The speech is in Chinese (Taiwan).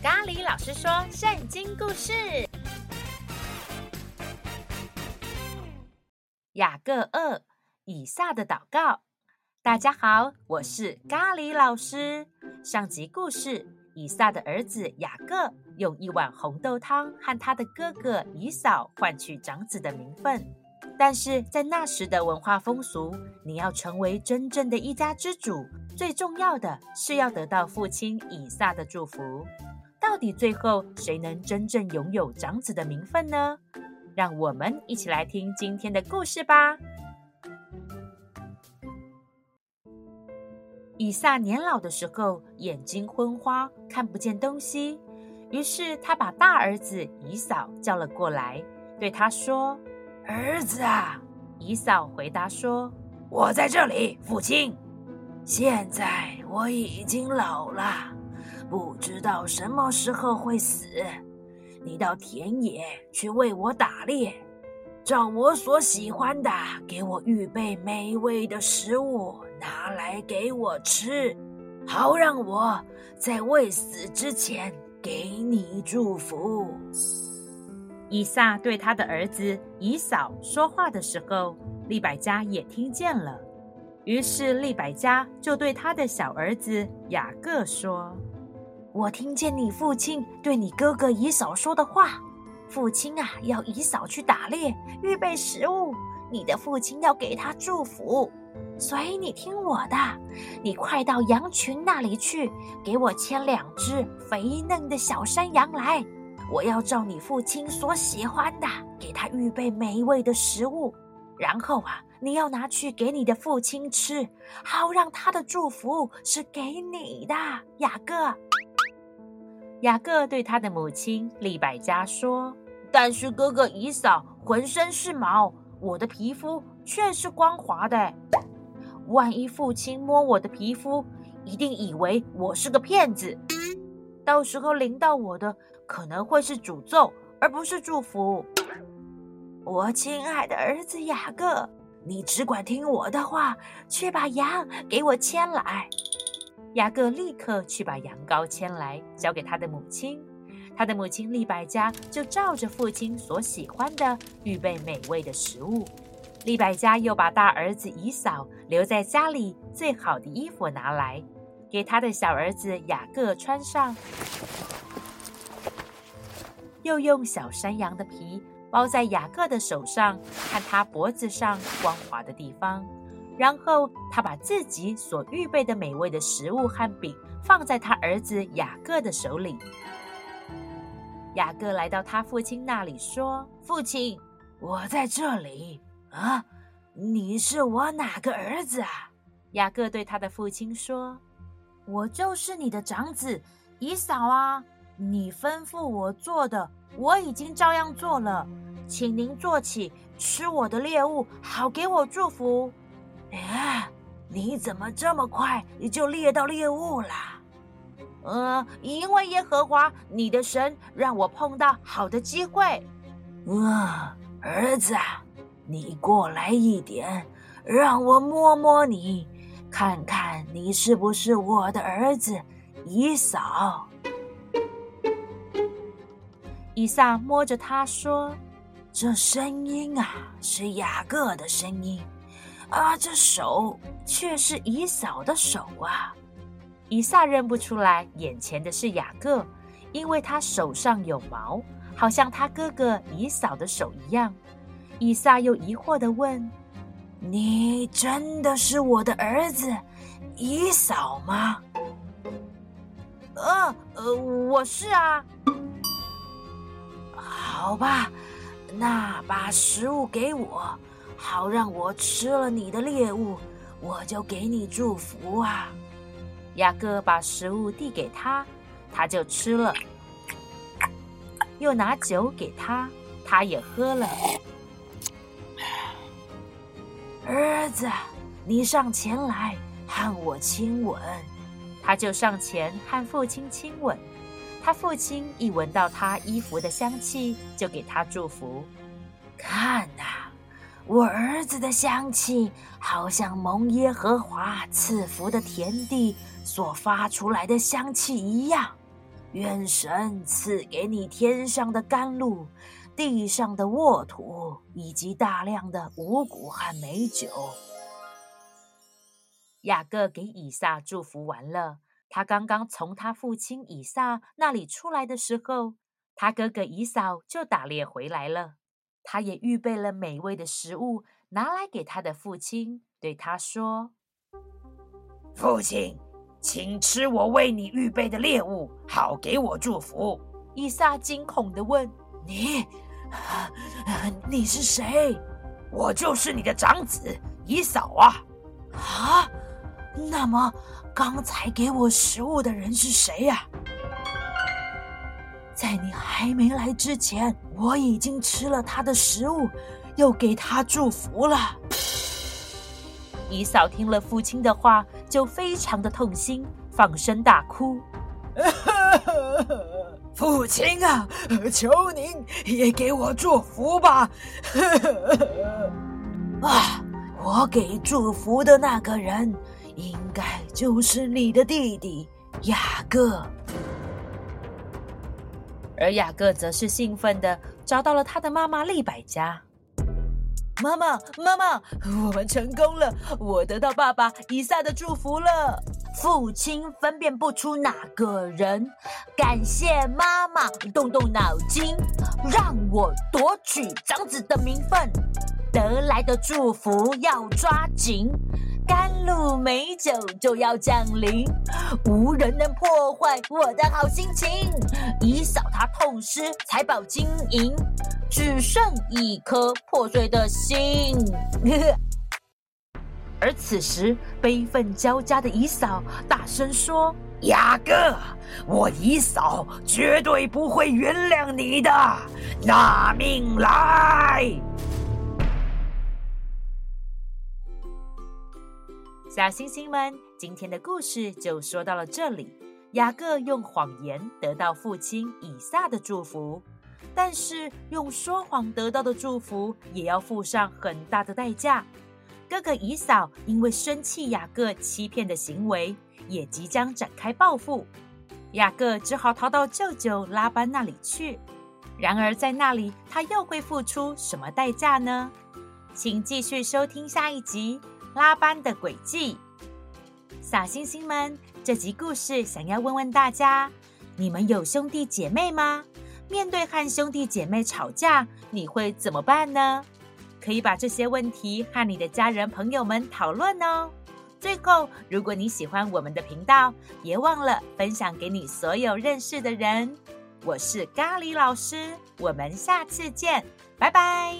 咖喱老師說：“聖經故事，《雅各二》以撒的禱告。大家好，我是咖喱老師。上集故事，以撒的兒子雅各用一碗紅豆湯和他的哥哥以掃換取長子的名分。但是在那時的文化風俗，你要成為真正的一家之主，最重要的是要得到父親以撒的祝福。”到底最後誰能真正擁有長子的名分呢？讓我們一起來聽今天的故事吧。以撒年老的時候，眼睛昏花，看不見東西，於是他把大兒子以掃叫了過來，對他說：“兒子啊！”以掃回答說：“我在這裡，父親。現在我已經老了。”不知道什麼時候會死，你到田野去為我打獵，照我所喜歡的給我預備美味的食物，拿來給我吃，好讓我在未死之前給你祝福。以撒對他的兒子以掃說話的時候，利百加也聽見了，於是利百加就對他的小兒子雅各說。我聽見你父親對你哥哥以掃說的話，父親啊，要以掃去打獵，預備食物。你的父親要給他祝福，所以你聽我的，你快到羊群那裡去，給我牽兩隻肥嫩的小山羊來。我要照你父親所喜歡的，給他預備美味的食物，然後啊，你要拿去給你的父親吃，好讓他的祝福是給你的，雅各。雅各對他的母親利百加說：“但是哥哥以掃渾身是毛，我的皮膚卻是光滑的。萬一父親摸我的皮膚，一定以為我是個騙子。到時候臨到我的，可能會是詛咒，而不是祝福。”我親愛的兒子雅各，你只管聽我的話，去把羊給我牽來。雅各立刻去把羊羔牽來，交給他的母親。他的母親利百加就照着父親所喜歡的，預備美味的食物。利百加又把大兒子以掃留在家裡最好的衣服拿來，給他的小兒子雅各穿上。又用小山羊的皮包在雅各的手上，看他脖子上光滑的地方。然後他把自己所預備的美味的食物和餅放在他兒子雅各的手裡。雅各來到他父親那裡說：“父親，我在這裡啊！你是我哪個兒子啊？”雅各對他的父親說：“我就是你的長子，以掃啊！你吩咐我做的，我已經照樣做了，請您坐起吃我的獵物，好給我祝福。”哎呀，你怎麼這麼快，你就獵到獵物了？呃，因為耶和華你的神讓我碰到好的機會。呃、嗯，兒子啊，你過來一點，讓我摸摸你，看看你是不是我的兒子以掃。以撒摸着他說：“這聲音啊，是雅各的聲音。”啊，這手卻是以掃的手啊！以撒認不出來眼前的是雅各，因為他手上有毛，好像他哥哥以掃的手一樣。以撒又疑惑的問：“你真的是我的兒子，以掃嗎？”“呃，呃，我是啊。”“好吧，那把食物給我。”好讓我吃了你的獵物，我就給你祝福啊！雅各把食物遞給他，他就吃了；又拿酒給他，他也喝了。 兒子，你上前來和我親吻。他就上前和父親親吻。他父親一聞到他衣服的香氣，就給他祝福。看，我兒子的香氣，好像蒙耶和華賜福的田地所發出來的香氣一樣。願神賜給你天上的甘露、地上的沃土，以及大量的五穀和美酒。雅各給以撒祝福完了，他剛剛從他父親以撒那裡出來的時候，他哥哥以掃就打獵回來了。他也預備了美味的食物，拿來給他的父親，對他說：“父親，請吃我為你預備的獵物，好給我祝福。”以撒驚恐地問：“你、啊啊，你是誰？我就是你的長子以掃啊！啊，那麼剛才給我食物的人是誰呀、啊？”在你還沒來之前，我已經吃了他的食物，又給他祝福了。以掃 聽了父親的話，就非常的痛心，放聲大哭。 父親啊，求您也給我祝福吧！ 啊，我給祝福的那個人，應該就是你的弟弟雅各。而雅各則是興奮地找到了他的媽媽利百加。媽媽，媽媽，我們成功了！我得到爸爸以撒的祝福了。父親分辨不出哪個人，感謝媽媽，動動腦筋，讓我奪取長子的名分，得來的祝福要抓緊。美酒就要降臨，無人能破壞我的好心情。以掃他痛失財寶金銀，只剩一顆破碎的心。 而此時，悲憤交加的以掃大聲說：“雅各，我以掃絕對不會原諒你的，拿命來！”小星星們，今天的故事就說到了這裡。雅各用謊言得到父親以撒的祝福，但是用說謊得到的祝福也要付上很大的代價。哥哥以掃因為生氣雅各欺騙的行為，也即將展開報復。雅各只好逃到舅舅拉班那裡去。然而，在那裡他又會付出什麼代價呢？請繼續收聽下一集。拉班的詭計，小星星們，這集故事想要問問大家：你們有兄弟姐妹嗎？面對和兄弟姐妹吵架，你會怎麼辦呢？可以把這些問題和你的家人朋友們討論哦。最後，如果你喜歡我們的頻道，別忘了分享給你所有認識的人。我是咖喱老師，我們下次見，拜拜。